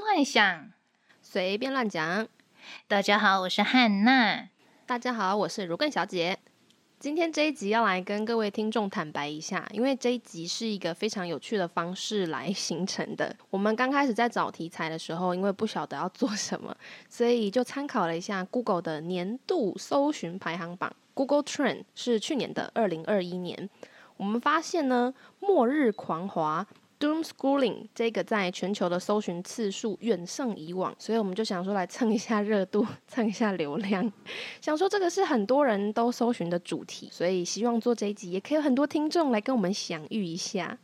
亂想，隨便亂講。大家好，我是漢娜。大家好，我是儒艮小姐。今天這一集要來跟各位聽眾坦白一下，因為這一集是一個非常有趣的方式來形成的。我們剛開始在找題材的時候，因為不曉得要做什麼，所以就參考了一下 Google 的年度搜尋排行榜。Google Trend 是去年的二零二一年，我們發現呢，末日狂滑。doomscrolling 這個在全球的搜尋次數遠勝以往，所以我們就想說來蹭一下熱度，蹭一下流量。想說這個是很多人都搜尋的主題，所以希望做這一集也可以有很多聽眾來跟我們相遇一下。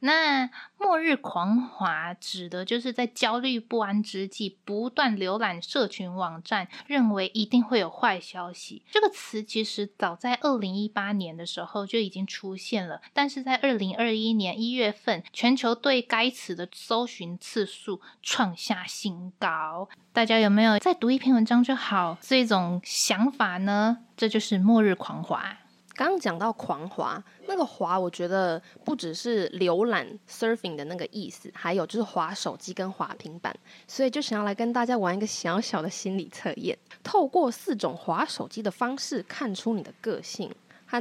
那末日狂滑指的就是在焦慮不安之際，不斷瀏覽社群網站，認為一定會有壞消息。這個詞其實早在二零一八年的時候就已經出現了，但是在二零二一年一月份，全球對該詞的搜尋次數創下新高。大家有沒有再讀一篇文章就好這種想法呢？這就是末日狂滑。剛講到狂滑，那個滑，我覺得不只是瀏覽 surfing 的那個意思，還有就是滑手機跟滑平板，所以就想要來跟大家玩一個小小的心理測驗，透過四種滑手機的方式，看出你的個性。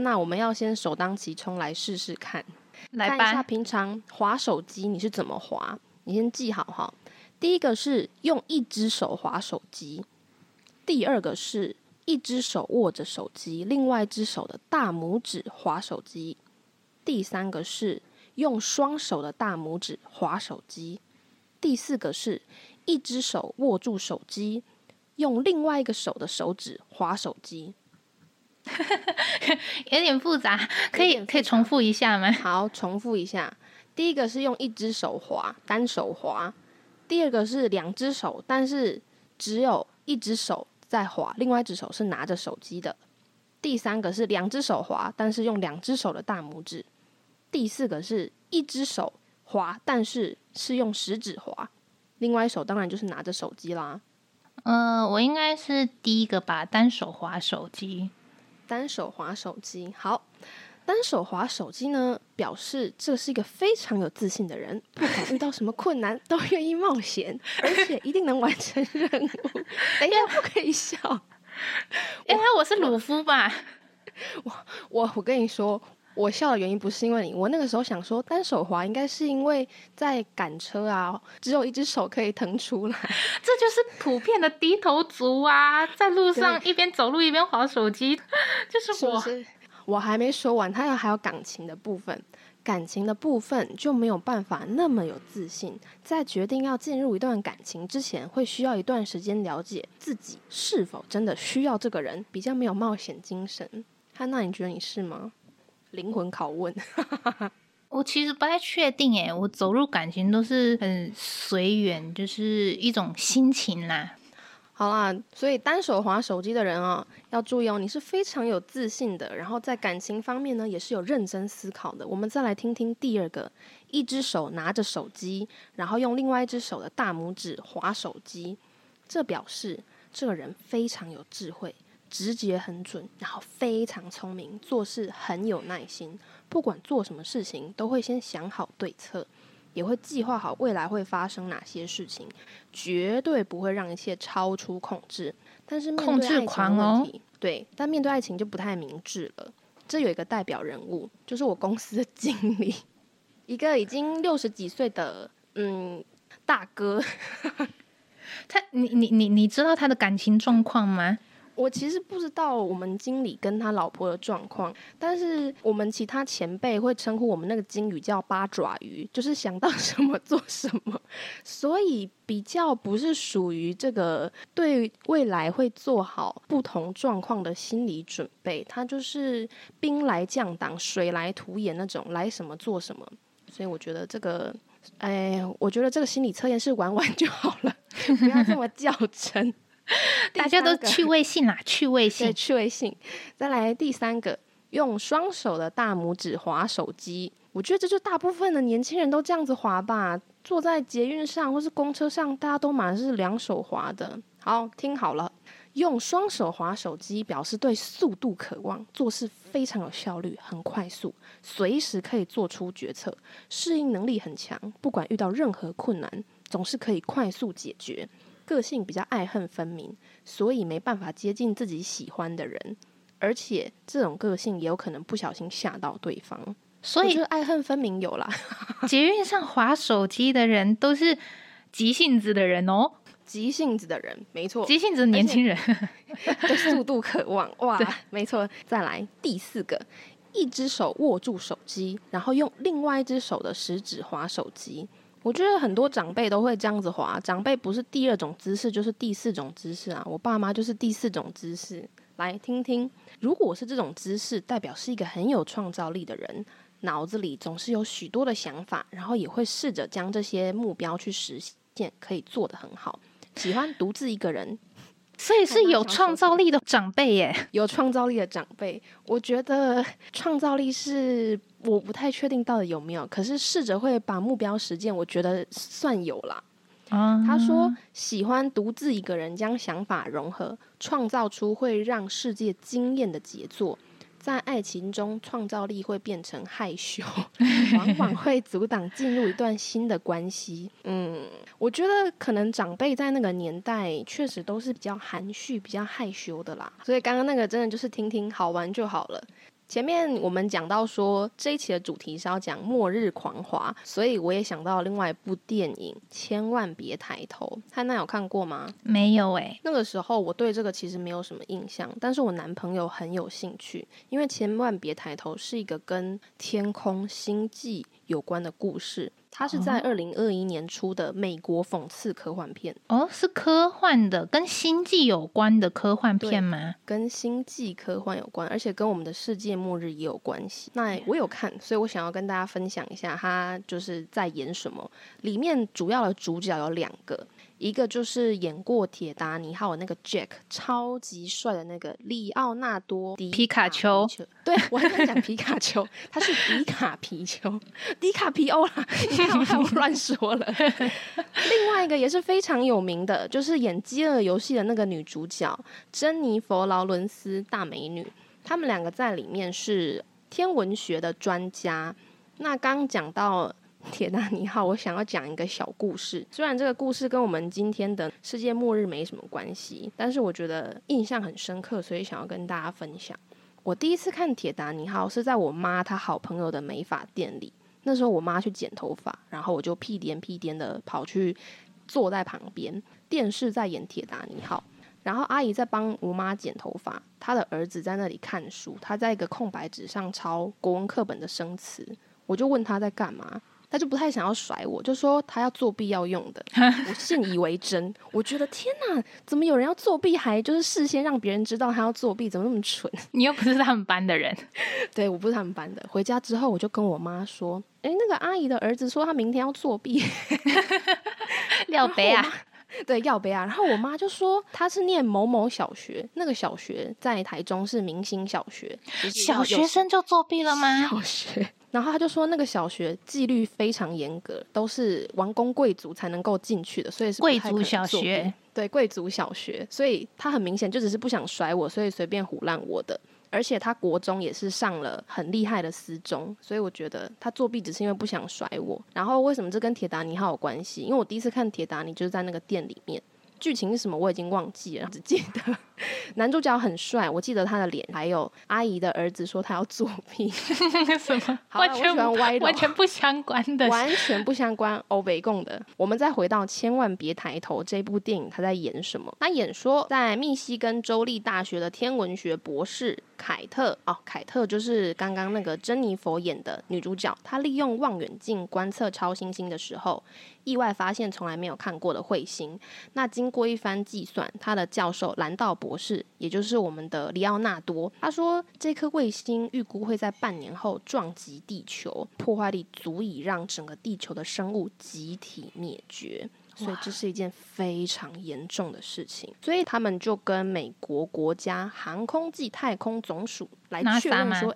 那我們要先首當其衝來試試看，來辦看一下平常滑手機你是怎麼滑，你先記好哈。第一個是用一隻手滑手機，第二個是。一隻手握着手機，另外一隻手的大拇指滑手機；第三個是用雙手的大拇指滑手機；第四個是一隻手握住手機，用另外一個手的手指滑手機。 有點複雜，可以可以重複一下嗎？好，重複一下。第一個是用一隻手滑，單手滑；第二個是兩隻手，但是只有一隻手。在滑，另外一隻手是拿着手機的。第三個是兩隻手滑，但是用兩隻手的大拇指。第四個是一隻手滑，但是是用食指滑，另外一手當然就是拿着手機啦。呃，我應該是第一個吧，單手滑手機，單手滑手機，好。單手滑手機呢，表示這是一個非常有自信的人，不管遇到什麼困難 都願意冒險，而且一定能完成任務。等一下， 不可以笑，因為、欸我，欸、我是魯夫吧？我我我跟你說，我笑的原因不是因為你，我那個時候想說，單手滑應該是因為在趕車啊，只有一只手可以騰出來， 這就是普遍的低頭族啊，在路上一邊走路一邊滑手機，對就是我。是我還沒說完，他要還有感情的部分，感情的部分就沒有辦法那麼有自信。在決定要進入一段感情之前，會需要一段時間了解自己是否真的需要這個人，比較沒有冒險精神。哈，那你覺得你是嗎？靈魂拷問。 我其實不太確定，耶，我走入感情都是很隨緣，就是一種心情啦。好啦，所以單手滑手機的人啊、哦，要注意哦，你是非常有自信的。然後在感情方面呢，也是有認真思考的。我們再來聽聽第二個，一隻手拿着手機，然後用另外一隻手的大拇指滑手機，這表示這個人非常有智慧，直覺很準，然後非常聰明，做事很有耐心，不管做什麼事情都會先想好對策。也會計劃好未來會發生哪些事情，絕對不會讓一切超出控制。但是面對控制狂哦，對，但面對愛情就不太明智了。這有一個代表人物，就是我公司的經理，一個已經六十幾歲的嗯大哥。 他，你你你你知道他的感情狀況嗎？我其實不知道我們經理跟他老婆的狀況，但是我們其他前輩會稱呼我們那個經理叫八爪魚，就是想到什麼做什麼，所以比較不是屬於這個對未來會做好不同狀況的心理準備，他就是兵來將擋水來土掩那種，來什麼做什麼。所以我覺得這個，哎，我覺得這個心理測驗是玩玩就好了， 不要這麼較真。大家都趣味性啦，啊，趣味性，趣味性。再來第三個，用雙手的大拇指滑手機，我覺得這就大部分的年輕人都這樣子滑吧。坐在捷運上或是公車上，大家都嘛是兩手滑的。好，聽好了，用雙手滑手機，表示對速度渴望，做事非常有效率，很快速，隨時可以做出決策，適應能力很強，不管遇到任何困難，總是可以快速解決。個性比較愛恨分明，所以沒辦法接近自己喜歡的人，而且這種個性也有可能不小心嚇到對方。所以，愛恨分明有啦。捷運上滑手機的人都是急性子的人哦，急性子的人，沒錯，急性子年輕人，對速、就是、度、度渴望哇，對沒錯。再來第四個，一只手握住手機，然後用另外一只手的食指滑手機。我覺得很多長輩都會這樣子滑，長輩不是第二種姿勢，就是第四種姿勢啊。我爸媽就是第四種姿勢，來聽聽。如果是這種姿勢，代表是一個很有創造力的人，腦子裡總是有許多的想法，然後也會試着將這些目標去實現，可以做得很好，喜歡獨自一個人。 所以是有創造力的長輩耶。欸，有創造力的長輩，我覺得創造力是我不太確定到底有沒有，可是試着會把目標實踐，我覺得算有啦。嗯、他說喜歡獨自一個人將想法融合，創造出會讓世界驚豔的傑作。在愛情中，創造力會變成害羞，往往會阻擋進入一段新的關係。嗯，我覺得可能長輩在那個年代確實都是比較含蓄，比較害羞的啦。所以剛剛那個真的就是聽聽好玩就好了。前面我們講到說，這一期的主題是要講末日狂滑，所以我也想到另外一部電影《千萬別抬頭》，漢娜有看過嗎？沒有哎、欸，那個時候我對這個其實沒有什麼印象，但是我男朋友很有興趣，因為《千萬別抬頭》是一個跟天空星際有關的故事。它是在二零二一年出的美國諷刺科幻片。哦，是科幻的，跟星際有關的科幻片嗎？跟星際科幻有關，而且跟我們的世界末日也有關係。那我有看，所以我想要跟大家分享一下，它就是在演什麼。裡面主要的主角有兩個。一個就是演過《鐵達尼號》還有那個 Jack 超級帥的那個里奧納多迪皮卡丘，對我還在講皮卡丘， 他是迪卡皮丘， 迪卡皮歐啦，你看我亂說了。 另外一個也是非常有名的，就是演《飢餓遊戲》的那個女主角珍妮佛勞倫斯大美女，他們兩個在裡面是天文學的專家。那剛講到。鐵達尼號，我想要講一個小故事。雖然這個故事跟我們今天的世界末日沒什麼關係，但是我覺得印象很深刻，所以想要跟大家分享。我第一次看《鐵達尼號》是在我媽她好朋友的美髮店裡，那時候我媽去剪頭髮，然後我就屁顛屁顛的跑去坐在旁邊，電視在演《鐵達尼號》，然後阿姨在幫我媽剪頭髮，她的兒子在那裡看書，她在一個空白紙上抄國文課本的生詞，我就問他在幹嘛。他就不太想要甩我，就說他要作弊要用的， 我信以為真。我覺得天哪，怎麼有人要作弊還就是事先讓別人知道他要作弊，怎麼那麼蠢？你又不是他們班的人，對，我不是他們班的。回家之後我就跟我媽說：“哎，那個阿姨的兒子說他明天要作弊，廖北 啊。” 對，要杯啊，然後我媽就說她是念某某小學，那個小學在台中是明星小學，小學生就作弊了嗎？小學，然後她就說那個小學紀律非常嚴格，都是王公貴族才能夠進去的，所以是貴族小學，對貴族小學，所以她很明顯就只是不想甩我，所以隨便唬爛我的。而且他國中也是上了很厲害的私中，所以我覺得他作弊只是因為不想甩我。然後為什麼這跟鐵達尼號有關係？因為我第一次看鐵達尼就是在那個店裡面，劇情是什麼我已經忘記了，只記得。 男主角很帥，我記得他的臉。還有阿姨的兒子說他要作弊，什 麼啦完全歪，完全不相關的，完全不相關。歐貝貢的，我們再回到《千萬別抬頭》這部電影，他在演什麼？他演說在密西根州立大學的天文學博士凱特哦，凱特就是剛剛那個珍妮佛演的女主角。她利用望遠鏡觀測超新星的時候，意外發現從來沒有看過的彗星。那經過一番計算，她的教授蘭道。博士，也就是我們的裡奧納多，他說這顆衛星預估會在半年後撞擊地球，破壞力足以讓整個地球的生物集體滅絕，所以這是一件非常嚴重的事情。Wow. 所以他們就跟美國國家航空暨太空總署來確認說，NASA 嗎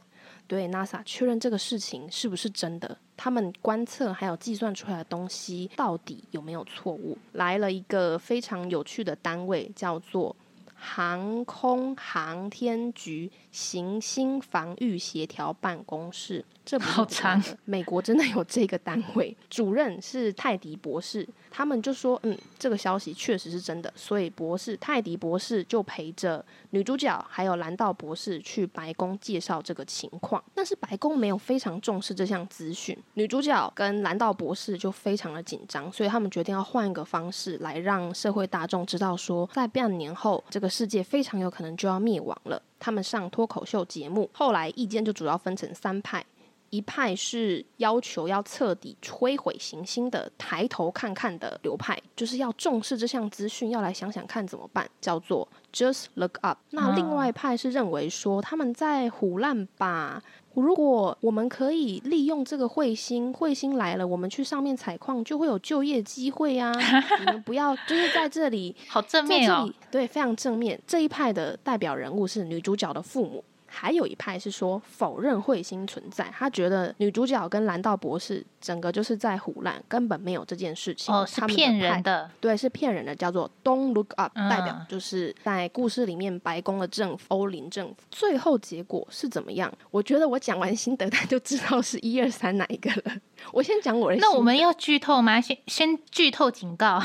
對 NASA 確認這個事情是不是真的，他們觀測還有計算出來的東西到底有沒有錯誤，來了一個非常有趣的單位叫做。航空航天局行星防禦協調辦公室。這不不好慘，美國真的有這個單位，主任是泰迪博士。他們就說：“嗯，這個消息確實是真的。”所以，博士泰迪博士就陪着女主角還有藍道博士去白宮介紹這個情況。但是，白宮沒有非常重視這項資訊。女主角跟藍道博士就非常的緊張，所以他們決定要換一個方式來讓社會大眾知道說，在半年後這個世界非常有可能就要滅亡了。他們上脫口秀節目，後來意見就主要分成三派。一派是要求要徹底摧毀行星的，抬頭看看的流派，就是要重視這項資訊，要來想想看怎麼辦，叫做 Just Look Up。嗯、那另外一派是認為說他們在胡亂吧，如果我們可以利用這個彗星，彗星來了，我們去上面採礦就會有就業機會啊！ 你們不要，就是在這裡，好正面哦，對，非常正面。這一派的代表人物是女主角的父母。還有一派是說否認彗星存在，他覺得女主角跟蘭道博士整個就是在唬爛，根本沒有這件事情。哦，是騙人的，的，對，是騙人的，叫做 Don't look up，、嗯、代表就是在故事裡面白宮的政府歐林政府最後結果是怎麼樣？我覺得我講完心得，他就知道是一二三哪一個了。我先講我的，那我們要劇透嗎？先先劇透警告。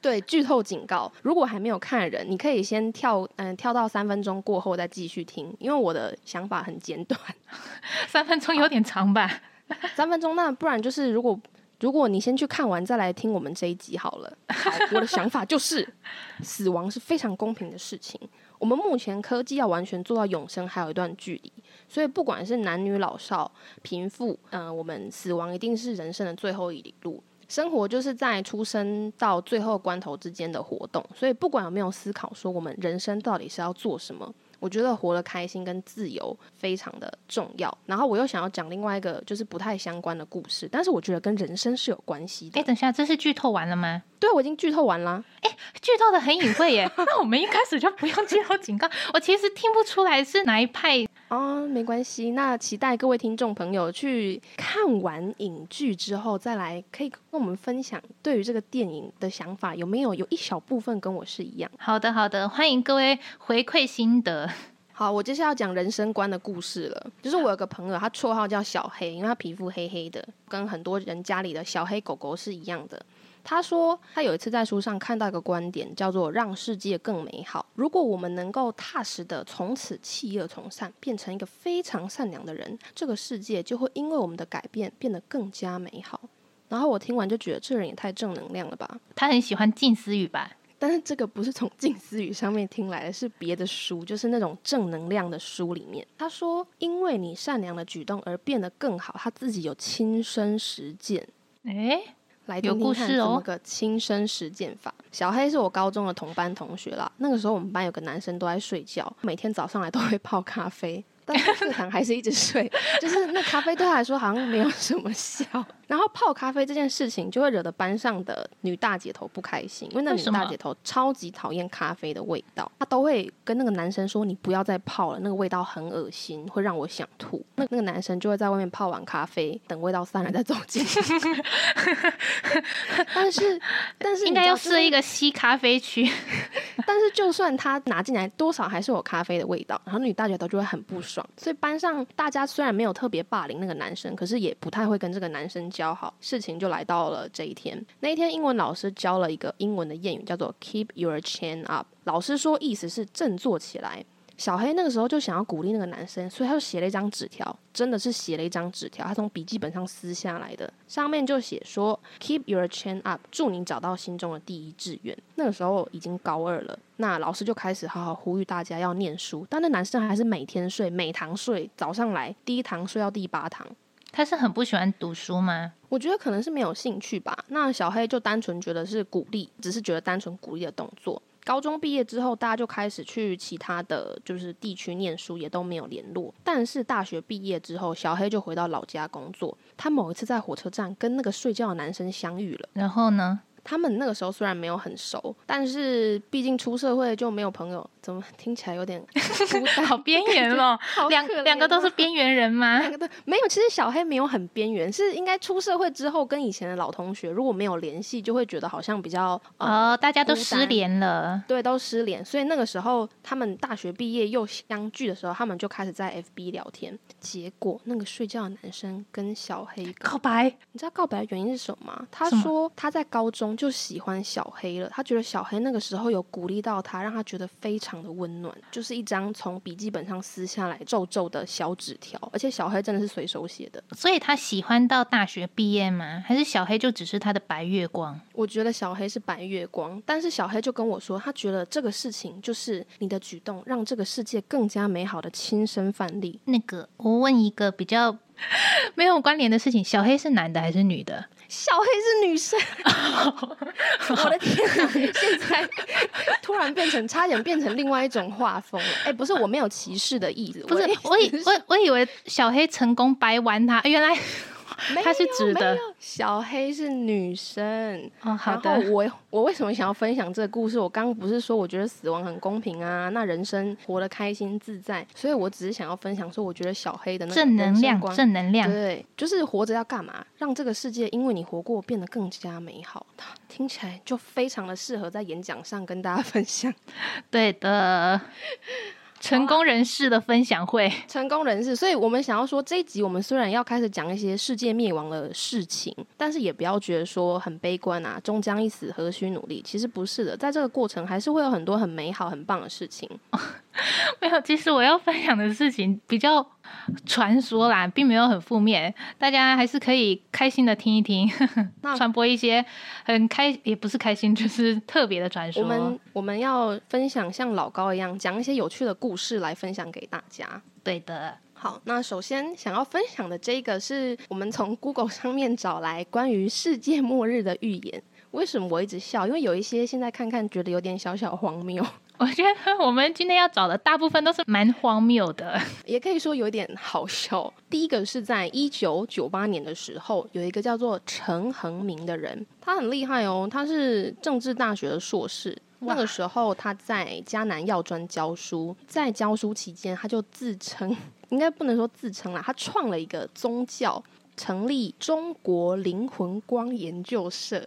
對，劇透警告！如果還沒有看人，你可以先跳，嗯、呃，跳到三分鐘過後再繼續聽，因為我的想法很簡短。三分鐘有點長吧？哦，三分鐘，那不然就是，如果如果你先去看完再來聽我們這一集好了。好，我的想法就是， 死亡是非常公平的事情。我們目前科技要完全做到永生還有一段距離，所以不管是男女老少、貧富，嗯、呃，我們死亡一定是人生的最後一里路。生活就是在出生到最後關頭之間的活動，所以不管有沒有思考說我們人生到底是要做什麼，我覺得活得開心跟自由非常的重要。然後我又想要講另外一個就是不太相關的故事，但是我覺得跟人生是有關係的。哎、欸，等一下，這是劇透完了嗎？對，我已經劇透完了。哎、欸，劇透得很隱晦耶，那我們一開始就不用劇透警告。我其實聽不出來是哪一派。哦，沒關係。那期待各位聽眾朋友去看完影劇之後，再來可以跟我們分享對於這個電影的想法，有沒有有一小部分跟我是一樣？好的，好的，歡迎各位回饋心得。好，我接下來要講人生觀的故事了。就是我有個朋友，他綽號叫小黑，因為他皮膚黑黑的，跟很多人家裡的小黑狗狗是一樣的。他說，他有一次在書上看到一個觀點，叫做“讓世界更美好”。如果我們能夠踏實的從此棄惡從善，變成一個非常善良的人，這個世界就會因為我們的改變變得更加美好。然後我聽完就覺得這人也太正能量了吧！他很喜歡靜思語吧？但是這個不是從靜思語上面聽來的，是別的書，就是那種正能量的書裡面。他說，因為你善良的舉動而變得更好，他自己有親身實踐。誒、欸。來聽聽看有故事哦，怎麼個親身實踐法。小黑是我高中的同班同學啦，那個時候我們班有個男生都在睡覺，每天早上來都會泡咖啡，但課堂還是一直睡， 就是那咖啡對他來說好像沒有什麼效。然後泡咖啡這件事情就會惹得班上的女大姐頭不開心，因為那女大姐頭超級討厭咖啡的味道，她都會跟那個男生說：“你不要再泡了，那個味道很惡心，會讓我想吐。嗯”那那個男生就會在外面泡完咖啡，等味道散了再走進去。 但是，但是應該要設一個吸咖啡區。 但是，就算他拿進來，多少還是有咖啡的味道，然後女大姐頭就會很不爽。所以班上大家雖然沒有特別霸凌那個男生，可是也不太會跟這個男生。教好，事情就來到了這一天。那一天，英文老師教了一個英文的諺語，叫做 “Keep your chin up”。老師說，意思是振作起來。小黑那個時候就想要鼓勵那個男生，所以他就寫了一張紙條，真的是寫了一張紙條，他從筆記本上撕下來的，上面就寫說 “Keep your chin up”，祝你找到心中的第一志願。那個時候已經高二了，那老師就開始好好呼籲大家要念書，但那男生還是每天睡，每堂睡，早上來，第一堂睡到第八堂。他是很不喜歡讀書嗎？我覺得可能是沒有興趣吧。那小黑就單純覺得是鼓勵，只是覺得單純鼓勵的動作。高中畢業之後，大家就開始去其他的就是地區念書，也都沒有聯絡。但是大學畢業之後，小黑就回到老家工作。他某一次在火車站跟那個睡覺的男生相遇了，然後呢？他們那個時候雖然沒有很熟，但是畢竟出社會就沒有朋友。怎麼聽起來有點孤單， 好邊緣哦，好兩兩個都是邊緣人嗎兩個都？沒有，其實小黑沒有很邊緣，是應該出社會之後跟以前的老同學如果沒有聯繫，就會覺得好像比較呃、哦、大家都失聯了，對，都失聯。所以那個時候他們大學畢業又相聚的時候，他們就開始在 FB 聊天。結果那個睡覺的男生跟小黑告白，你知道告白的原因是什麼嗎？他說麼他在高中。就喜歡小黑了，他覺得小黑那個時候有鼓勵到他，讓他覺得非常的溫暖，就是一張從筆記本上撕下來皺皺的小紙條，而且小黑真的是隨手寫的，所以他喜歡到大學畢業嗎？還是小黑就只是他的白月光？我覺得小黑是白月光，但是小黑就跟我說，他覺得這個事情就是你的舉動讓這個世界更加美好的親身範例。那個，我問一個比較沒有關聯的事情，小黑是男的還是女的？小黑是女生， 我的天哪！ 現在突然變成，差點變成另外一種畫風了。哎、欸，不是，我沒有歧視的意思。不是，我以我我以為小黑成功掰彎他，原來。他是指的，小黑是女生。哦，好的，我我為什麼想要分享這個故事？我剛不是說我覺得死亡很公平啊，那人生活得開心自在，所以我只是想要分享說，我覺得小黑的那正能量，正能量，對，就是活着要幹嘛？讓這個世界因為你活過變得更加美好。聽起來就非常的適合在演講上跟大家分享。對的。成功人士的分享會，成功人士，所以我們想要說，這一集我們雖然要開始講一些世界滅亡的事情，但是也不要覺得說很悲觀啊，終將一死，何須努力？其實不是的，在這個過程還是會有很多很美好、很棒的事情。哦，沒有，其實我要分享的事情比較。傳說啦，並沒有很負面，大家還是可以開心的聽一聽，那，呵呵，傳播一些很開，也不是開心，就是特別的傳說。我們我們要分享像老高一樣，講一些有趣的故事來分享給大家。對的，好，那首先想要分享的這個是我們從 Google 上面找來關於世界末日的預言。為什麼我一直笑？因為有一些現在看看覺得有點小小荒謬。我覺得我們今天要找的大部分都是蠻荒謬的，也可以說有點好笑。第一個是在一九九八年的時候，有一個叫做陳恆明的人，他很厲害哦，他是政治大學的碩士。哇那個時候他在嘉南藥專教書，在教書期間，他就自稱，應該不能說自稱啦，他創了一個宗教，成立中國靈魂光研究社，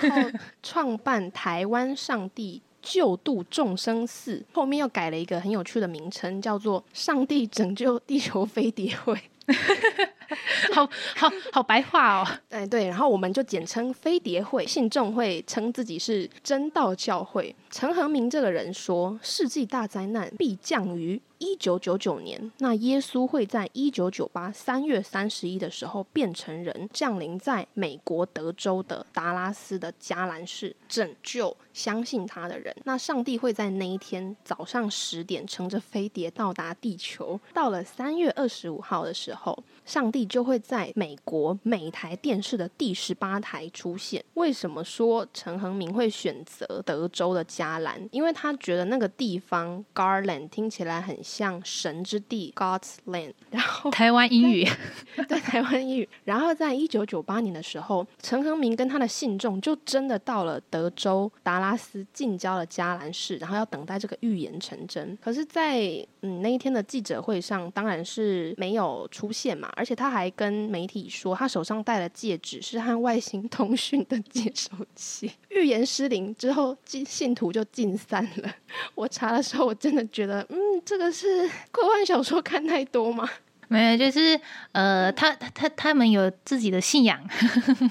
然後創辦台灣上帝。 救度眾生寺，後面又改了一個很有趣的名稱，叫做“上帝拯救地球飛碟會。” 好好 是好，好好白話哦。哎，對，然後我們就簡稱飛碟會，信眾會稱自己是真道教會。陳恆明這個人說，世紀大災難必降於一九九九年。那耶穌會在一九九八三月三十一的時候變成人，降臨在美國德州的達拉斯的加蘭市，拯救相信他的人。那上帝會在那一天早上十點乘着飛碟到達地球。到了三月二十五號的時候，上帝。就會在美國每台電視的第十八台出現。為什麼說陳恆明會選擇德州的加蘭？因為他覺得那個地方 Garland 聽起來很像神之地 God's land。然後台灣英語在，在台灣英語。 然後在一九九八年的時候，陳恆明跟他的信眾就真的到了德州達拉斯近郊的加蘭市，然後要等待這個預言成真。可是在，在嗯那一天的記者會上，當然是沒有出現嘛，而且他。他還跟媒體說，他手上戴的戒指是和外星通訊的接收器。預言失靈之後，信信徒就分散了。我查的時候，我真的覺得，嗯，這個是科幻小說看太多嗎？沒有，就是呃，他他他，他們有自己的信仰，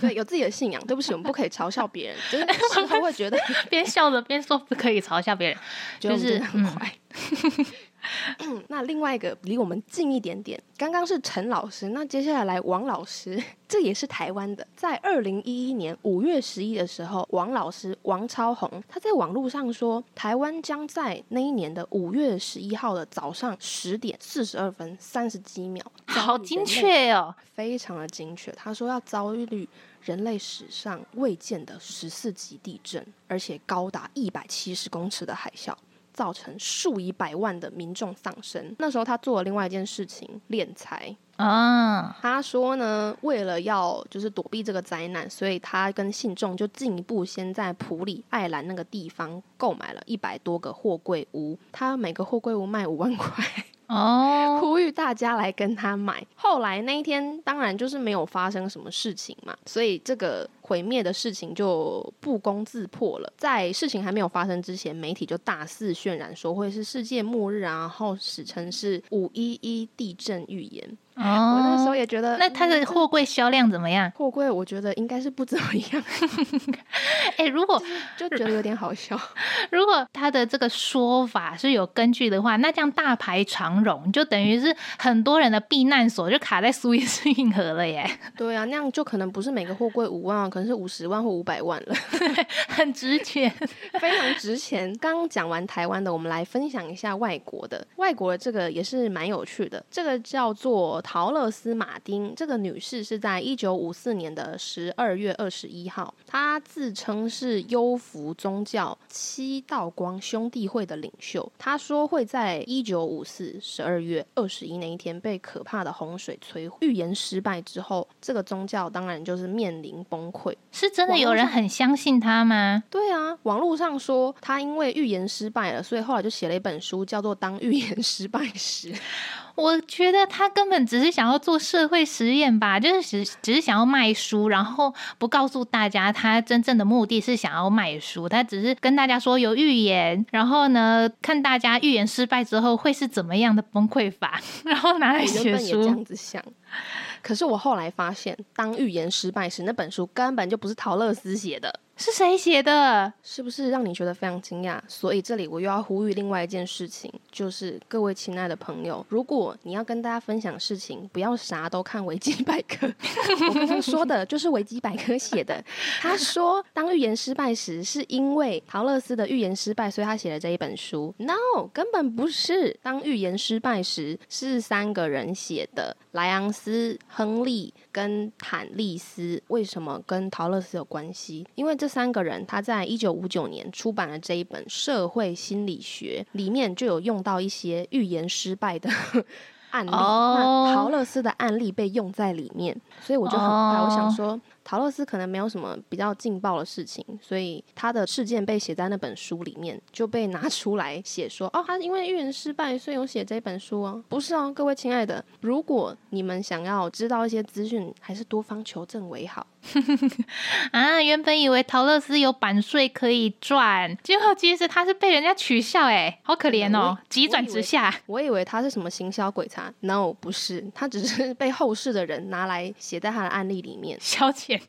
對，有自己的信仰。對不起， 我們不可以嘲笑別人，就是我會覺得邊笑着邊說不可以嘲笑別人，就是很壞。嗯嗯，那另外一個離我們近一點點，剛剛是陳老師，那接下來王老師，這也是台灣的，在二零一一年五月十一的時候，王老師王超紅他在網絡上說，台灣將在那一年的五月十一號的早上十點四十二分三十幾秒，好精確哦，非常的精確。他說要遭遇人類史上未見的十四級地震，而且高達一百七十公尺的海嘯。造成數以百萬的民眾喪生。那時候他做了另外一件事情，斂財啊。Oh. 他說呢，為了要就是躲避這個災難，所以他跟信眾就進一步先在埔里愛蘭那個地方購買了一百多個貨櫃屋，他每個貨櫃屋賣五萬塊哦，oh. 呼籲大家來跟他買。後來那一天，當然就是沒有發生什麼事情嘛，所以這個。毀滅的事情就不攻自破了。在事情還沒有發生之前，媒體就大肆渲染說會是世界末日啊，然後史稱是“五一一地震預言”哦。我那時候也覺得，那他的貨櫃銷量怎麼樣？貨櫃我覺得應該是不怎麼樣。哎、 欸，如果就覺得有點好笑。如果他的這個說法是有根據的話，那這樣大排長榮就等於是很多人的避難所就卡在蘇伊士運河了耶。對啊，那樣就可能不是每個貨櫃五萬啊。是五十萬或五百萬了， 很值錢，非常值錢。剛講完台灣的，我們來分享一下外國的。外國的這個也是蠻有趣的，這個叫做陶樂斯·馬丁。這個女士是在一九五四年的十二月二十一號，她自稱是幽浮宗教七道光兄弟會的領袖。她說會在一九五四十二月二十一那一天被可怕的洪水摧毀。預言失敗之後，這個宗教當然就是面臨崩潰。是真的有人很相信他嗎？對啊，網絡上說他因為預言失敗了，所以後來就寫了一本書，叫做《當預言失敗時》。我覺得他根本只是想要做社會實驗吧，就是只只是想要賣書，然後不告訴大家他真正的目的是想要賣書。他只是跟大家說有預言，然後呢，看大家預言失敗之後會是怎麼樣的崩潰法，然後拿來寫書。可是我後來發現，當預言失敗時，那本書根本就不是桃樂絲寫的。是誰寫的？是不是讓你覺得非常驚訝？所以這裡我又要呼籲另外一件事情，就是各位親愛的朋友，如果你要跟大家分享事情，不要啥都看維基百科。 我剛剛說的就是維基百科寫的。 他說當預言失敗時，是因為陶勒斯的預言失敗，所以他寫了這一本書。No，根本不是。當預言失敗時，是三個人寫的：萊昂斯、亨利。跟坦利斯，為什麼跟陶勒斯有關係？因為這三個人他在一九五九年出版了這一本《社會心理學》，裡面就有用到一些預言失敗的 案例，oh. 那陶勒斯的案例被用在裡面，所以我就很快，oh. 我想說。桃樂絲可能沒有什麼比較勁爆的事情，所以他的事件被寫在那本書裡面，就被拿出來寫說哦，他因為預言失敗，所以有寫這本書哦、啊，不是哦，各位親愛的，如果你們想要知道一些資訊，還是多方求證為好。 啊！原本以為陶樂斯有版稅可以賺，最後其實他是被人家取笑哎、欸，好可憐哦、喔！嗯、急轉直下。我，我以為他是什麼行銷鬼才，No, 不是，他只是被後世的人拿來寫在他的案例裡面消遣。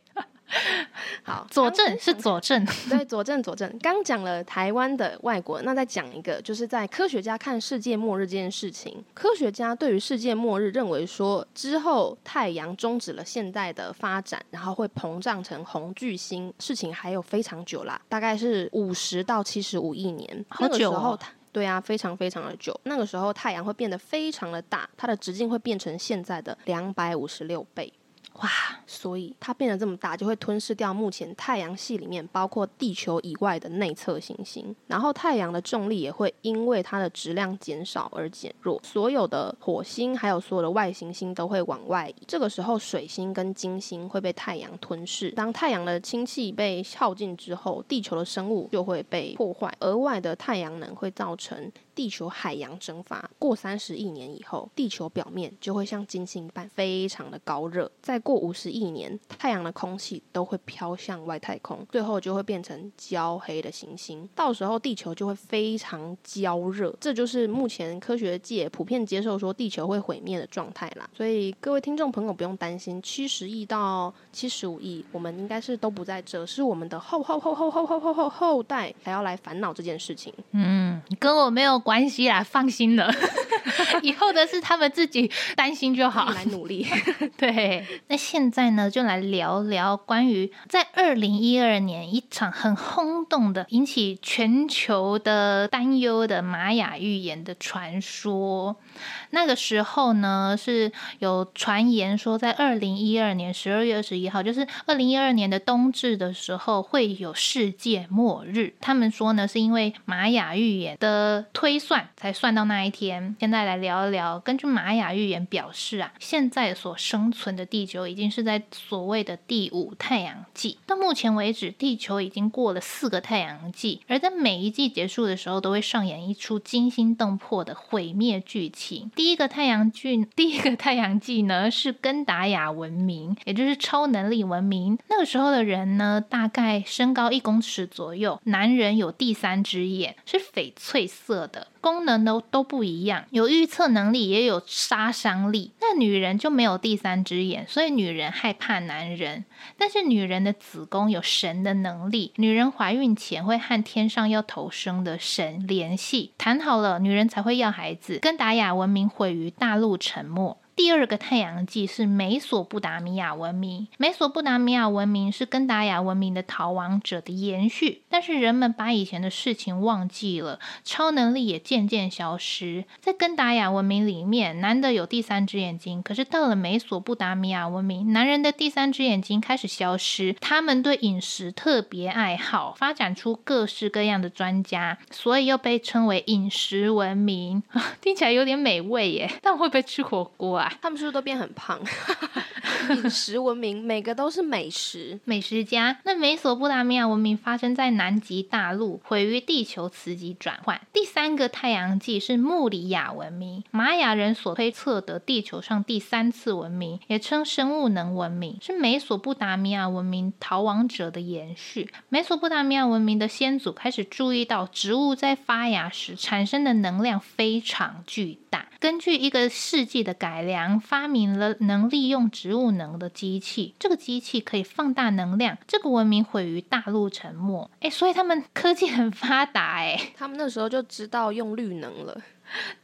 好，佐證正是佐證，對，佐證佐證。剛講了台灣的外國，那再講一個，就是在科學家看世界末日這件事情，科學家對於世界末日認為說，之後太陽終止了現在的發展，然後會膨脹成紅巨星，事情還有非常久啦，大概是五十到七十五億年。哦、那個時候，對啊，非常非常的久。那個時候太陽會變得非常的大，它的直徑會變成現在的兩百五十六倍。哇，所以它變得這麼大，就會吞噬掉目前太陽系裡面包括地球以外的內側行星，然後太陽的重力也會因為它的質量減少而減弱，所有的火星還有所有的外行星、星都會往外。這個時候，水星跟金星會被太陽吞噬。當太陽的氫氣被耗盡之後，地球的生物就會被破壞，額外的太陽能會造成。地球海洋蒸發過三十億年以後，地球表面就會像金星般非常的高熱。再過五十億年，太陽的空氣都會飄向外太空，最後就會變成焦黑的行星。到時候地球就會非常焦熱，這就是目前科學界普遍接受說地球會毀滅的狀態啦。所以各位聽眾朋友不用擔心，七十億到七十五億，我們應該是都不在這，這是我們的後後後後後後後後代還要來煩惱這件事情。嗯，跟我沒有關關係啊，放心了。 以後的事他們自己擔心就好，來努力。對，那現在呢，就來聊聊關於在二零一二年一場很轟動的、引起全球的擔憂的瑪雅預言的傳說。那個時候呢，是有傳言說，在二零一二年十二月二十一號，就是二零一二年的冬至的時候，會有世界末日。他們說呢，是因為瑪雅預言的推算，才算到那一天。再來聊一聊，根據瑪雅預言表示啊，現在所生存的地球已經是在所謂的第五太陽紀。到目前為止，地球已經過了四個太陽紀，而在每一季結束的時候，都會上演一出驚心動魄的毀滅劇情。第一個太陽紀，第一個太陽紀呢是根達雅文明，也就是超能力文明。那個時候的人呢，大概身高一公尺左右，男人有第三隻眼，是翡翠色的，功能都都不一樣。有預測能力，也有殺傷力。那女人就沒有第三隻眼，所以女人害怕男人。但是女人的子宮有神的能力，女人懷孕前會和天上要投生的神聯繫，談好了，女人才會要孩子。跟瑪雅文明毀於大陸沉沒。第二個太陽紀，是美索不達米亞文明。美索不達米亞文明是根達亞文明的逃亡者的延續，但是人們把以前的事情忘記了，超能力也漸漸消失。在根達亞文明裡面，男的有第三隻眼睛，可是到了美索不達米亞文明，男人的第三隻眼睛開始消失。他們對飲食特別愛好，發展出各式各樣的專家，所以又被稱為飲食文明。聽起來有點美味耶，但會不會吃火鍋啊？他們是不是都變很胖？ 飲食文明，每個都是美食 美食家。那美索不達米亞文明發生在南極大陸，毀於地球磁極轉換。第三個太陽系是穆里亞文明，瑪雅人所推測的地球上第三次文明，也稱生物能文明，是美索不達米亞文明逃亡者的延續。美索不達米亞文明的先祖開始注意到植物在發芽時產生的能量非常巨大，根據一個世紀的改良，發明了能利用植物，能的機器，這個機器可以放大能量。這個文明毀於大陸沉沒，誒，所以他們科技很發達，欸，他們那時候就知道用綠能了。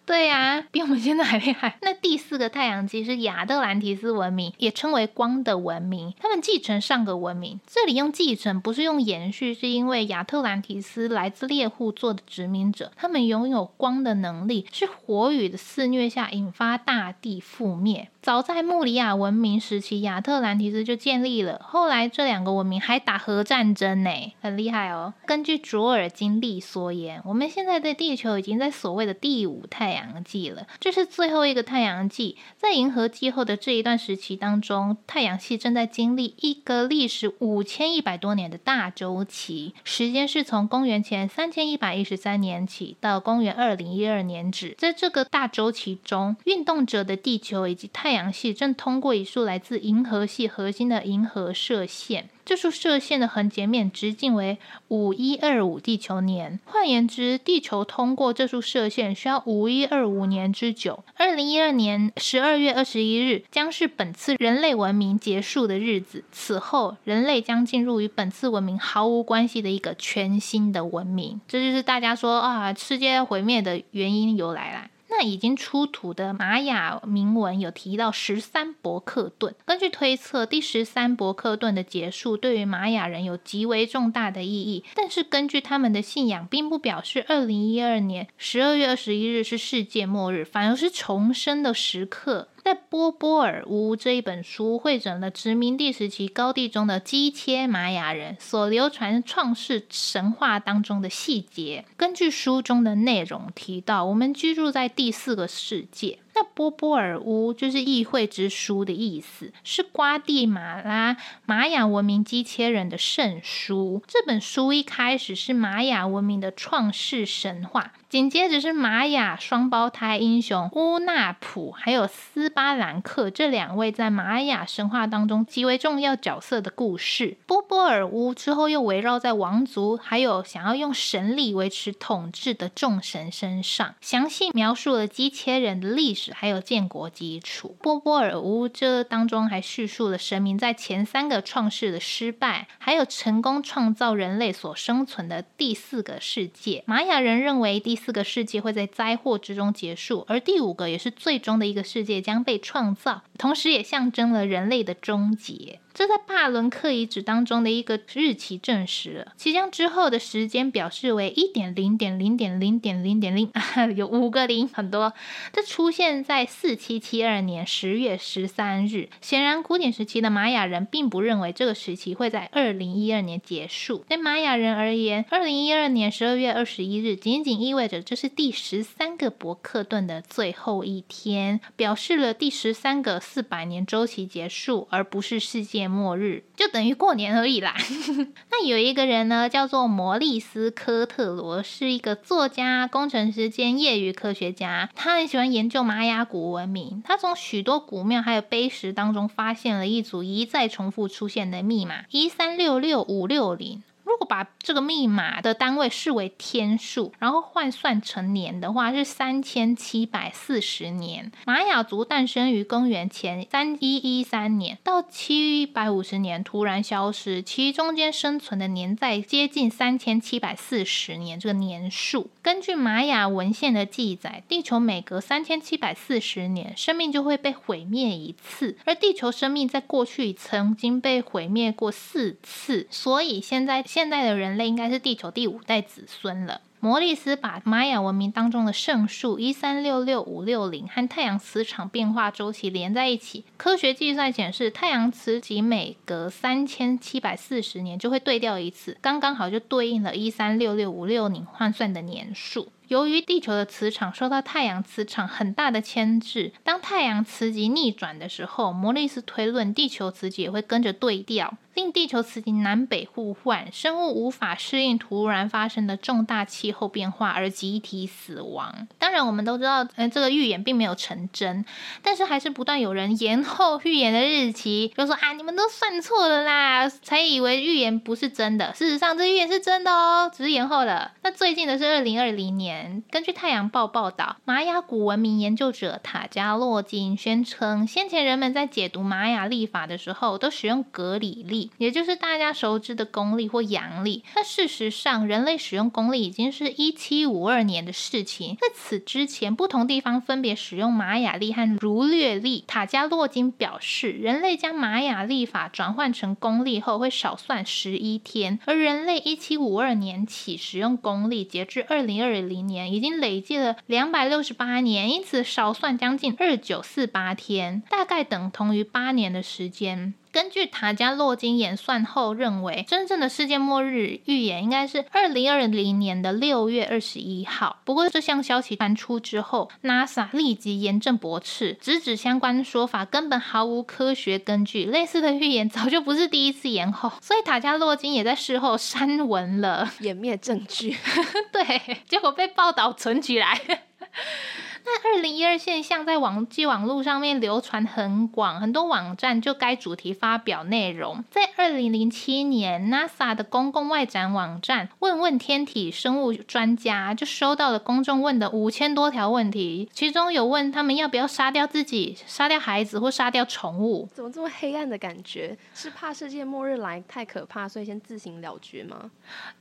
對呀、啊，比我們現在還厲害。那第四個太陽紀是亞特蘭提斯文明，也稱為光的文明。他們繼承上個文明，這裡用繼承不是用延續，是因為亞特蘭提斯來自獵戶座的殖民者，他們擁有光的能力，是火雨的肆虐下引發大地覆滅。早在穆里亞文明時期，亞特蘭提斯就建立了。後來這兩個文明還打核戰爭呢，很厲害哦。根據卓爾金曆所言，我們現在的地球已經在所謂的第五太陽紀了，這是最後一個太陽紀。在銀河紀後的這一段時期當中，太陽系正在經歷一個歷時五千一百多年的大週期，時間是從公元前三千一百一十三年起到公元二零一二年止。在這個大週期中，運動著的地球以及太陽系正通過一束來自銀河系核心的銀河射線。這束射線的橫截面直徑為五一二五地球年，換言之，地球通過這束射線需要五一二五年之久。二零一二年十二月二十一日將是本次人類文明結束的日子，此後人類將進入與本次文明毫無關係的一個全新的文明。這就是大家說啊，世界毀滅的原因由來啦。那已經出土的瑪雅銘文有提到十三伯克頓，根據推測，第十三伯克頓的結束對於瑪雅人有極為重大的意義。但是根據他們的信仰，並不表示二零一二年十二月二十一日是世界末日，反而是重生的時刻。在《波波爾烏》這一本書彙整了殖民地時期高地中的基切瑪雅人所流傳創世神話當中的細節。根據書中的內容提到，我們居住在第四個世界。那波波爾烏就是議會之書的意思，是瓜地馬拉瑪雅文明基切人的聖書。這本書一開始是瑪雅文明的創世神話，緊接着是瑪雅雙胞胎英雄烏納普還有斯巴蘭克這兩位在瑪雅神話當中極為重要角色的故事。波波爾烏之後又圍繞在王族還有想要用神力維持統治的眾神身上，詳細描述了基切人的歷史。還有建國基礎，波波爾烏這當中還敘述了神明在前三個創世的失敗，還有成功創造人類所生存的第四個世界。瑪雅人認為第四個世界會在災禍之中結束，而第五個也是最終的一個世界將被創造，同時也象徵了人類的終結。這在帕倫克遺址當中的一個日期證實了，其將之後的時間表示為一點零點零點零點零點零，有五個零，很多。這出現在四七七二年十月十三日。顯然，古典時期的瑪雅人並不認為這個時期會在二零一二年結束。對瑪雅人而言，二零一二年十二月二十一日僅僅意味着這是第十三個伯克頓的最後一天，表示了第十三個四百年週期結束，而不是事件。末日就等於過年而已啦。 那有一個人呢，叫做摩利斯科特羅，是一個作家、工程師兼業餘科學家。他很喜歡研究瑪雅古文明。他從許多古廟還有碑石當中，發現了一組一再重複出現的密碼：一三六六五六零。如果把這個密碼的單位視為天數，然後換算成年的話，是三千七百四十年。瑪雅族誕生於公元前三一一三年到七百五十年突然消失，其中間生存的年在接近三千七百四十年這個年數。根據瑪雅文獻的記載，地球每隔三千七百四十年，生命就會被毀滅一次，而地球生命在過去曾經被毀滅過四次，所以現在。現在的人類應該是地球第五代子孫了。摩里斯把瑪雅文明當中的聖數一三六六五六零和太陽磁場變化周期連在一起，科學計算顯示，太陽磁極每隔三千七百四十年就會對調一次，剛剛好就對應了一三六六五六零換算的年數。由於地球的磁場受到太陽磁場很大的牽制，當太陽磁極逆轉的時候，摩利斯推論地球磁極也會跟着對調，令地球磁極南北互換，生物無法適應突然發生的重大氣候變化而集體死亡。當然，我們都知道，嗯、呃，這個預言並沒有成真，但是還是不斷有人延後預言的日期。比如說啊，你們都算錯了啦，才以為預言不是真的。事實上，這預言是真的哦，只是延後了。那最近的是二零二零年。根據太報報《太陽報》報道，瑪雅古文明研究者塔加洛金宣稱，先前人們在解讀瑪雅曆法的時候都使用格里曆，也就是大家熟知的公曆或陽曆。但事實上，人類使用公曆已經是一七五二年的事情，在此之前，不同地方分別使用瑪雅曆和儒略曆。塔加洛金表示，人類將瑪雅曆法轉換成公曆後會少算十一天，而人類一七五二年起使用公曆，截至二零二零。年已經累計了兩百六十八年，因此少算將近二九四八天，大概等同於八年的時間。根據塔加洛金演算後認為，真正的世界末日預言應該是二零二零年的六月二十一號。不過，這項消息傳出之後，NASA 立即嚴正駁斥，直指相關說法根本毫無科學根據。類似的預言早就不是第一次延後，所以塔加洛金也在事後刪文了，湮滅證據。 對，結果被報道存起來。 那二零一二現象在網際網絡上面流傳很廣，很多網站就該主題發表內容。在二零零七年，NASA 的公共外展網站問問天體生物專家就收到了公眾問的五千多條問題，其中有問他們要不要殺掉自己、殺掉孩子或殺掉寵物，怎麼這麼黑暗的感覺？是怕世界末日來太可怕，所以先自行了結嗎？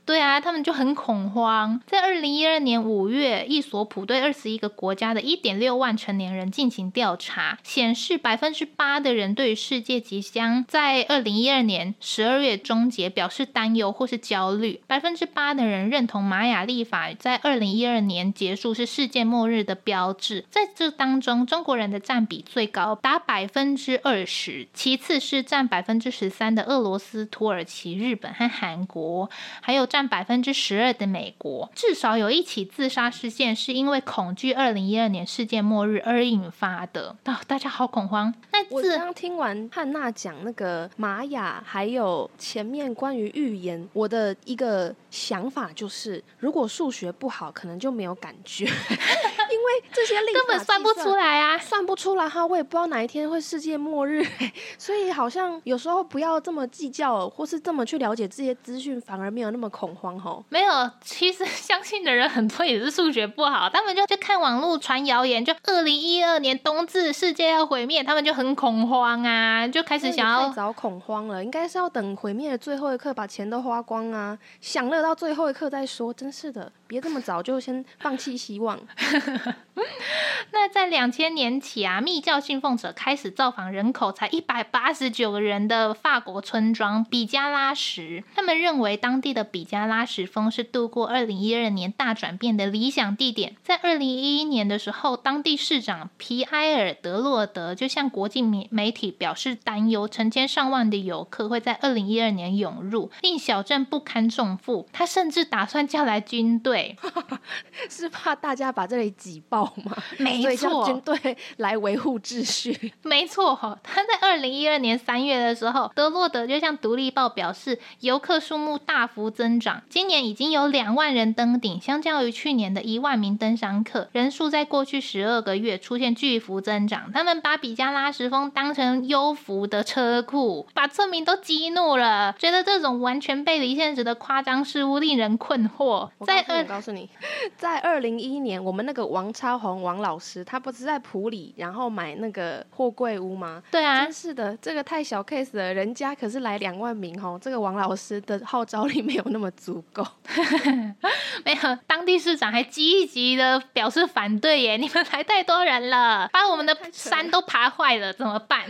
對啊，他們就很恐慌。在二零一二年五月，一所普對二十一個國家，一點六萬成年人進行調查，顯示百分之八的人對於世界即將在二零一二年十二月終結表示擔憂或是焦慮。百分之八的人認同瑪雅曆法在二零一二年結束是世界末日的標誌。在這當中，中國人的占比最高，達百分之二十，其次是占百分之十三的俄羅斯、土耳其、日本和韓國，還有占百分之十二的美國。至少有一起自殺事件是因為恐懼二零一二。年世界末日而引發的，哦，大家好恐慌。那我剛剛聽完漢娜講那個瑪雅，還有前面關於預言，我的一個想法就是，如果數學不好，可能就沒有感覺。 因為這些曆根本算，算不出來啊，算不出來哈。我也不知道哪一天會世界末日。欸，所以好像有時候不要這麼計較，或是這麼去了解這些資訊，反而沒有那麼恐慌哈。沒有，其實相信的人很多也是數學不好，他們就就看網絡傳謠言，就二零一二年冬至世界要毀滅，他們就很恐慌啊，就開始想要早恐慌了。應該是要等毀滅的最後一刻把錢都花光啊，享樂到最後一刻再說。真是的，別這麼早， 就先放棄希望。 那在兩千年起啊，密教信奉者開始造訪人口才一百八十九個人的法國村莊比加拉什。他們認為當地的比加拉什峰是度過二零一二年大轉變的理想地點。在二零一一年的時候，當地市長皮埃爾德洛德就向國際媒媒體表示擔憂：成千上萬的遊客會在二零一二年湧入，令小鎮不堪重負。他甚至打算叫來軍隊， 是怕大家把這裡擠。報嗎？沒錯，軍隊來維護秩序。沒錯，他在二零一二年三月的時候，德洛德就向《獨立報》表示，遊客數目大幅增長，今年已經有兩萬人登頂，相較於去年的一萬名登山客，人數在過去十二個月出現巨幅增長。他們把比加拉什峰當成優福的車庫，把村民都激怒了，覺得這種完全背離現實的誇張事物令人困惑。我告在我告訴你，在二零一一年，我們那個王。超紅王老師，他不是在埔里，然後買那個貨櫃屋嗎？對啊，是的，這個太小 case 了。人家可是來兩萬名哦，這個王老師的號召力沒有那麼足夠。 沒有，當地市長還積極的表示反對耶，你們來太多人了，把我們的山都爬壞了，怎麼辦？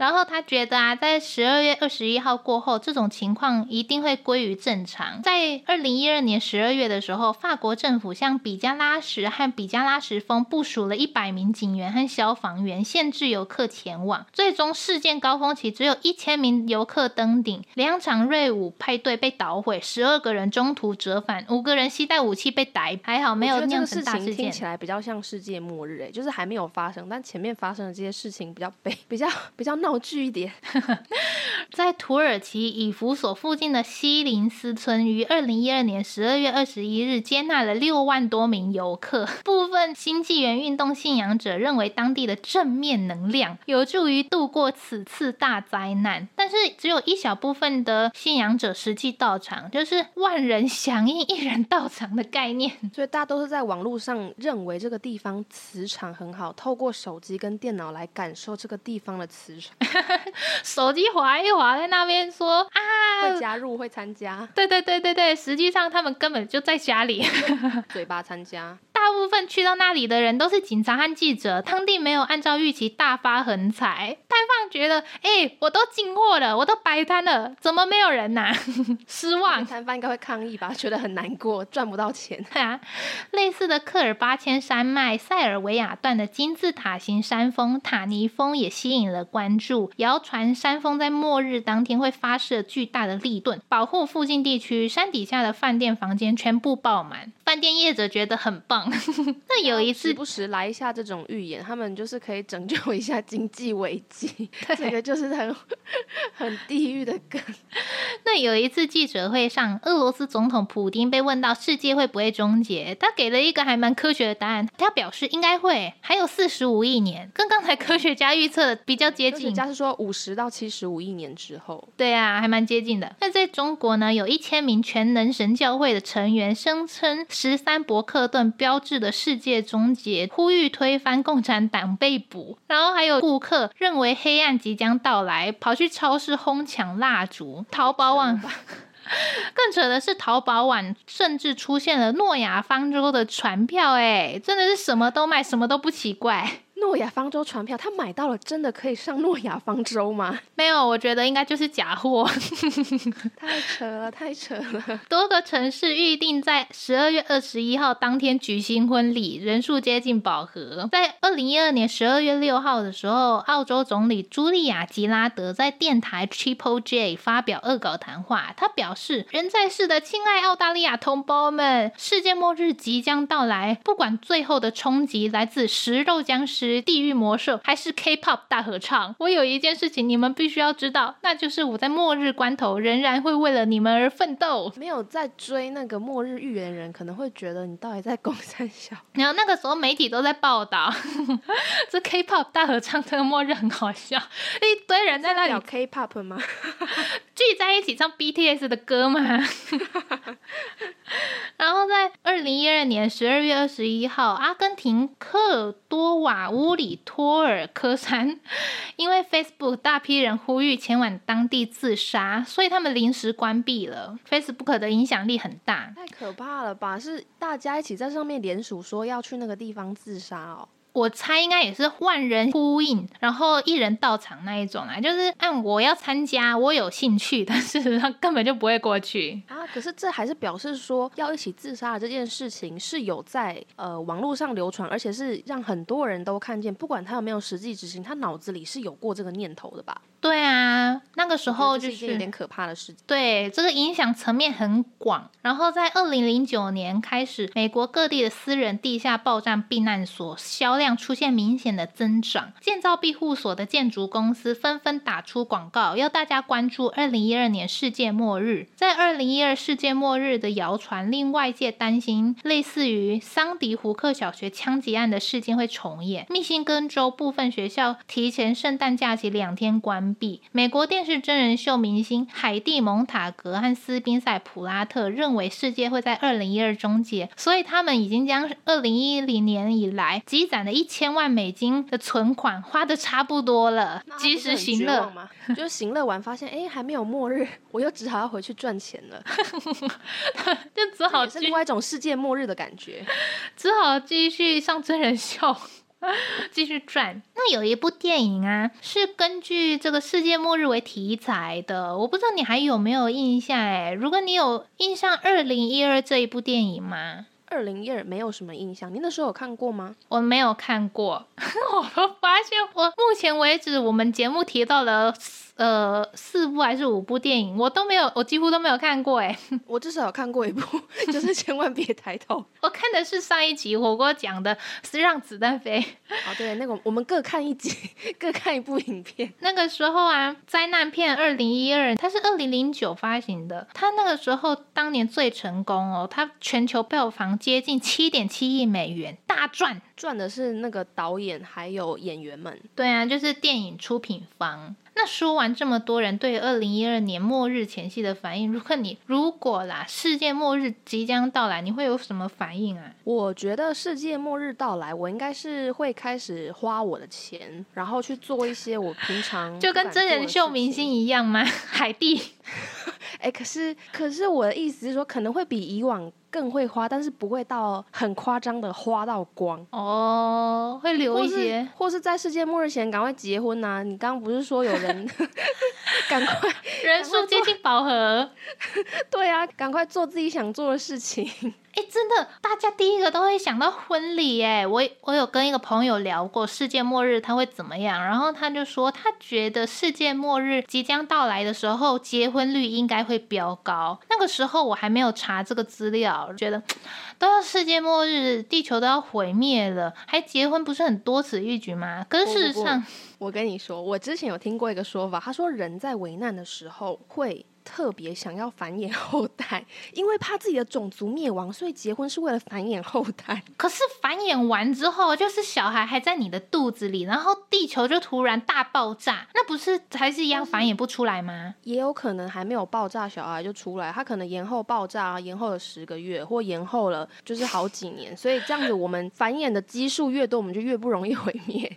然後他覺得啊，在十二月二十一號過後，這種情況一定會歸於正常。在二零一二年十二月的時候，法國政府向比加拉什和比加拉什峰部署了一百名警員和消防員，限制遊客前往。最終，事件高峰期只有一千名遊客登頂，兩場銳舞派對被搗毀，十二個人中途折返，五個人攜帶武器被逮，還好沒有釀成大事件。這個事情聽起來比較像世界末日、欸，哎，就是還沒有發生，但前面發生的這些事情比較悲、比較比較，比較鬧。巨點， 在土耳其以弗所附近的西林斯村，於二零一二年十二月二十一日接納了六萬多名遊客。部分新紀元運動信仰者認為當地的正面能量有助於度過此次大災難，但是只有一小部分的信仰者實際到場，就是萬人響應一人到場的概念。所以大家都是在網絡上認為這個地方磁場很好，透過手機跟電腦來感受這個地方的磁場。 手機滑一滑，在那邊說啊，會加入，會參加。對對對對對，實際上他們根本就在家裡。 嘴巴參加。大部分去到那裡的人都是警察和記者。當地沒有按照預期大發橫財。攤販覺得，哎、欸，我都進貨了，我都擺攤了，怎麼沒有人吶、啊？ 失望。攤販應該會抗議吧？覺得很難過，賺不到錢。對啊、 哎，類似的喀爾巴阡山脈塞爾維亞段的金字塔形山峰塔尼峰也吸引了關注。謠傳山峰在末日當天會發射巨大的利盾，保護附近地區。山底下的飯店房間全部爆滿，飯店業者覺得很棒。 那有一次時不時來一下這種預言，他們就是可以拯救一下經濟危機。對這個就是很很地獄的梗。 那有一次記者會上，俄羅斯總統普丁被問到世界會不會終結，他給了一個還蠻科學的答案。他表示應該會，還有四十五億年，跟剛才科學家預測的比較接近。 人家是說五十到七十五億年之後，對啊，還蠻接近的。那在中國呢，有一千名全能神教會的成員聲稱十三伯克頓標誌的世界終結，呼籲推翻共產黨被捕。然後還有顧客認為黑暗即將到來，跑去超市哄搶蠟燭。淘寶網 更扯的是，淘寶網甚至出現了諾亞方舟的船票，哎，真的是什麼都賣，什麼都不奇怪。諾亞方舟船票，他買到了，真的可以上諾亞方舟嗎？沒有，我覺得應該就是假貨。 太扯了，太扯了。多個城市預定在十二月二十一號當天舉行婚禮，人數接近飽和。在二零一二年十二月六號的時候，澳洲總理茱莉亞·吉拉德在電台 Triple J 發表惡搞談話，他表示：“人在世的親愛澳大利亞同胞們，世界末日即將到來，不管最後的衝擊來自食肉僵屍。”《地獄魔獸》還是 K-pop 大合唱？我有一件事情你們必須要知道，那就是我在末日關頭仍然會為了你們而奮鬥。沒有在追那個末日預言人，可能會覺得你到底在搞在笑。然後那個時候媒體都在報道， 這 K-pop 大合唱，這個末日很好笑，一堆人在那裡。K-pop 嗎？聚在一起唱 BTS 的歌嗎？ 然後在二零一二年十二月二十一號，阿根廷科爾多瓦，烏里托爾科山，因為 Facebook 大批人呼籲前往當地自殺，所以他們臨時關閉了。Facebook 的影響力很大，太可怕了吧？是大家一起在上面聯署說要去那個地方自殺哦。我猜應該也是萬人呼應，然後一人到場那一種啊，就是，哎，我要參加，我有興趣，但是他根本就不會過去啊。可是這還是表示說，要一起自殺的這件事情是有在呃網絡上流傳，而且是讓很多人都看見，不管他有沒有實際執行，他腦子裡是有過這個念頭的吧。對啊，那個時候就是，就是有點可怕的事情。對，這個影響層面很廣。然後在二零零九年開始，美國各地的私人地下爆炸避難所銷量出現明顯的增長，建造庇護所的建築公司紛紛打出廣告，要大家關注二零一二年世界末日。在二零一二世界末日的謠傳令外界擔心，類似於桑迪胡克小學槍擊案的事件會重演。密歇根州部分學校提前聖誕假，假期兩天關門。美國電視真人秀明星海蒂·蒙塔格和斯賓塞·普拉特認為世界會在二零一二終結，所以他們已經將二零一零年以來積攢的一千萬美金的存款花得差不多了，及時行樂，就行樂完發現哎，還沒有末日，我又只好要回去賺錢了， 就只好是另外一種世界末日的感覺，只好繼續上真人秀。繼續轉，那有一部電影啊，是根據這個世界末日為題材的，我不知道你還有沒有印象哎？如果你有印象，《二零一二》這一部電影嗎？《二零一二》沒有什麼印象，你那時候有看過嗎？我沒有看過。 我發現，我目前為止，我們節目提到了。呃，四部還是五部電影，我都沒有，我幾乎都沒有看過誒。我至少有看過一部，就是千萬別抬頭。 我看的是上一集，火鍋講的是《讓子彈飛》哦。好對，那個我們各看一集，各看一部影片。那個時候啊，災難片《二零一二》，它是二零零九發行的，它那個時候當年最成功哦，它全球票房接近七點七億美元，大賺。賺的是那個導演還有演員們，對啊，就是電影出品方。那說完這麼多人對二零一二年末日前夕的反應，如果你如果啦，世界末日即將到來，你會有什麼反應啊？我覺得世界末日到來，我應該是會開始花我的錢，然後去做一些我平常不敢做的事情。就跟真人秀明星一樣嗎？海蒂，哎 欸，可是可是我的意思是說，可能會比以往。更會花，但是不會到很誇張的花到光哦，會留一些或，或是在世界末日前趕快結婚啊。你剛剛不是說有人 趕快人數接近飽和？對啊，趕快做自己想做的事情。哎，真的，大家第一個都會想到婚禮。哎，我我有跟一個朋友聊過世界末日他會怎麼樣，然後他就說他覺得世界末日即將到來的時候，結婚率應該會飆高。那個時候我還沒有查這個資料，覺得都要世界末日，地球都要毀滅了，還結婚不是很多此一舉嗎？可是事實上不不不，我跟你說，我之前有聽過一個說法，他說人在危難的時候會。特別想要繁衍後代，因為怕自己的種族滅亡，所以結婚是為了繁衍後代。可是繁衍完之後，就是小孩還在你的肚子裡，然後地球就突然大爆炸，那不是還是一樣繁衍不出來嗎？也有可能還沒有爆炸，小孩就出來。他可能延後爆炸啊，延後了十個月，或延後了就是好幾年。 所以這樣子，我們繁衍的基數越多，我們就越不容易毀滅。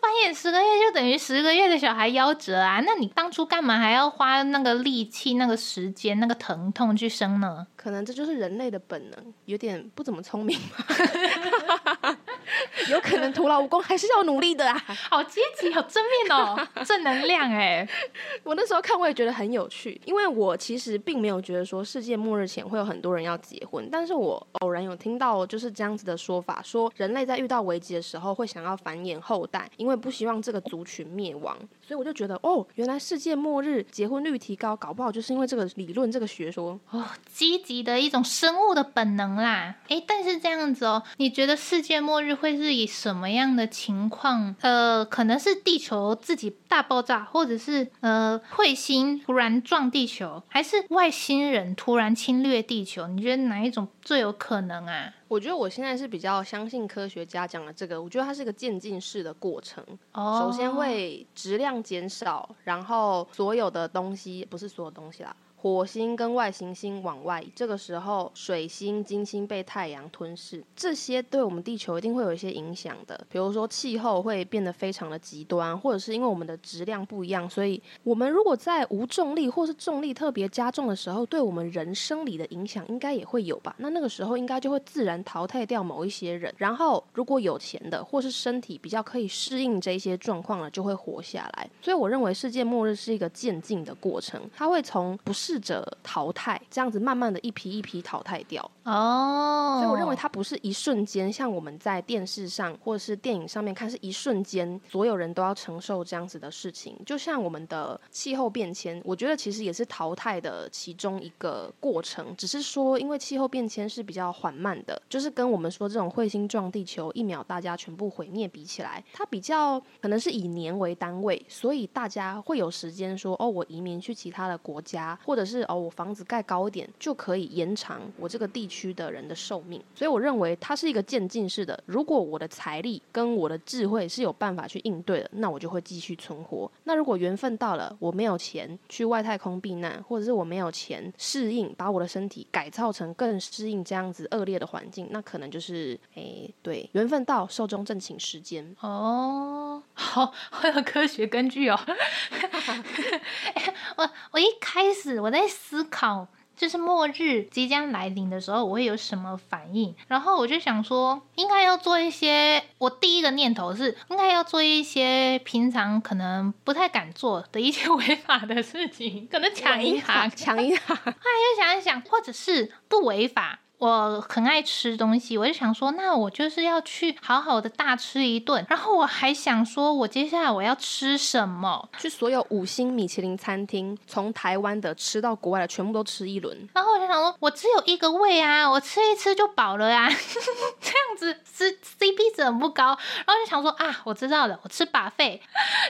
繁衍十個月就等於十個月的小孩夭折啊？那你當初幹嘛還要花那個力氣？那個時間，那個疼痛去生呢？可能這就是人類的本能，有點不怎麼聰明吧。 有可能徒勞無功，還是要努力的啊！ 好積極，好正面哦，正能量哎！ 我那時候看，我也覺得很有趣，因為我其實並沒有覺得說世界末日前會有很多人要結婚，但是我偶然有聽到就是這樣子的說法，說人類在遇到危機的時候會想要繁衍後代，因為不希望這個族群滅亡，所以我就覺得哦，原來世界末日結婚率提高，搞不好就是因為這個理論，這個學說哦，積極的一種生物的本能啦！哎、欸，但是這樣子哦，你覺得世界末日會？會是以什麼樣的情況？呃，可能是地球自己大爆炸，或者是呃，彗星突然撞地球，還是外星人突然侵略地球？你覺得哪一種最有可能啊？我覺得我現在是比較相信科學家講的這個，我覺得它是個漸進式的過程。哦。首先會質量減少，然後所有的東西，不是所有東西啦。火星跟外行星，星往外，這個時候水星、金星被太陽吞噬，這些對我們地球一定會有一些影響的。比如說氣候會變得非常的極端，或者是因為我們的質量不一樣，所以我們如果在無重力或是重力特別加重的時候，對我們人生理的影響應該也會有吧？那那個時候應該就會自然淘汰掉某一些人，然後如果有錢的或是身體比較可以適應這些狀況了，就會活下來。所以我認為世界末日是一個漸進的過程，它會從不是試着淘汰，這樣子慢慢的一批一批淘汰掉。哦，oh. 所以我認為它不是一瞬間，像我們在電視上或者是電影上面看是一瞬間，所有人都要承受這樣子的事情。就像我們的氣候變遷，我覺得其實也是淘汰的其中一個過程，只是說因為氣候變遷是比較緩慢的，就是跟我們說這種彗星撞地球，一秒大家全部毀滅比起來，它比較可能是以年為單位，所以大家會有時間說哦，我移民去其他的國家，或者或者是哦，我房子蓋高一點就可以延長我這個地區的人的壽命，所以我認為它是一個漸進式的。如果我的財力跟我的智慧是有辦法去應對的，那我就會繼續存活。那如果緣分到了，我沒有錢去外太空避難，或者是我沒有錢適應，把我的身體改造成更適應這樣子惡劣的環境，那可能就是誒，對，緣分到壽終正寢時間。哦，好好有科學根據哦。 我我一開始我在思考，就是末日即將來臨的時候，我會有什麼反應？然後我就想說，應該要做一些。我第一個念頭是，應該要做一些平常可能不太敢做的一些違法的事情，可能搶銀行，搶銀行，後來又想一想，或者是不違法。我很愛吃東西，我就想說，那我就是要去好好的大吃一頓。然後我還想說，我接下來我要吃什麼？去所有五星米其林餐廳，從台灣的吃到國外的，全部都吃一輪。然後我就想說，我只有一個胃啊，我吃一吃就飽了啊，呵呵，這樣子是 CP 值很不高。然後就想說啊，我知道了，我吃 buffet，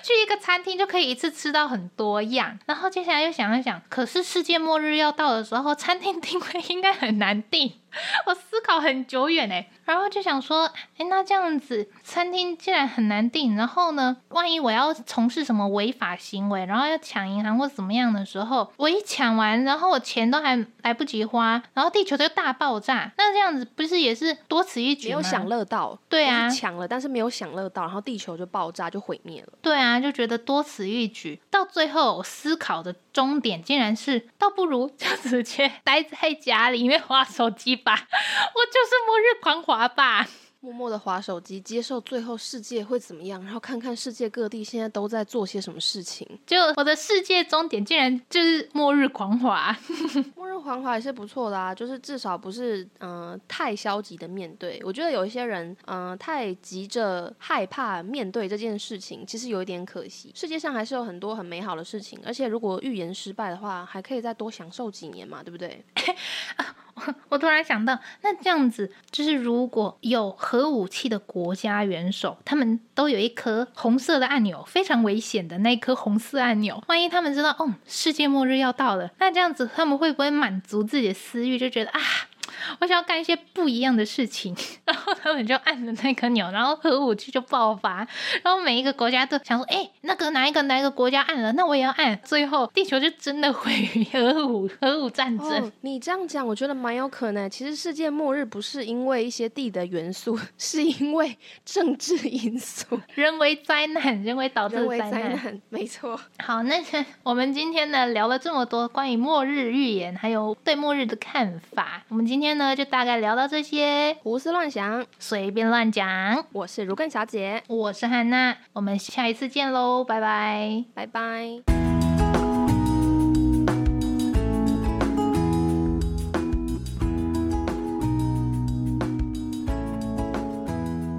去一個餐廳就可以一次吃到很多樣。然後接下來又想一想，可是世界末日要到的時候，餐廳訂位應該很難定。 我思考很久遠哎。然後就想說，哎，那這樣子餐廳竟然很難訂，然後呢，萬一我要從事什麼違法行為，然後要搶銀行或怎麼樣的時候，我一搶完，然後我錢都還來不及花，然後地球就大爆炸，那這樣子不是也是多此一舉嗎？沒有享樂到，對啊，搶了但是沒有享樂到，然後地球就爆炸就毀滅了，對啊，就覺得多此一舉，到最後我思考的終點竟然是，倒不如就直接待在家裡面滑手機吧， 我就是末日狂滑。滑吧，默默的滑手機，接受最後世界會怎麼樣，然後看看世界各地現在都在做些什麼事情。就我的世界終點竟然就是末日狂滑。 末日狂滑也是不錯的啊，就是至少不是嗯、呃、太消極的面對。我覺得有一些人嗯、呃、太急着害怕面對這件事情，其實有一點可惜。世界上還是有很多很美好的事情，而且如果預言失敗的話，還可以再多享受幾年嘛，對不對？ 我突然想到，那這樣子就是，如果有核武器的國家元首，他們都有一顆紅色的按鈕，非常危險的那一顆紅色按鈕。萬一他們知道，哦，世界末日要到了，那這樣子，他們會不會滿足自己的私慾，就覺得啊，我想要幹一些不一樣的事情，然後他們就按了那個鈕，然後核武器就爆發，然後每一個國家都想說：哎，那個哪一個哪一個國家按了，那我也要按。最後，地球就真的毀於核武核武戰爭。哦，你這樣講，我覺得蠻有可能。其實世界末日不是因為一些地的元素，是因為政治因素，人為災難，人為導致災難，人為災難。沒錯。好，那我們今天呢聊了這麼多關於末日預言，還有對末日的看法，我們今。今天呢，就大概聊到這些，胡思亂想，隨便亂講。我是儒艮小姐，我是漢娜，我們下一次見嘍，拜拜，拜拜。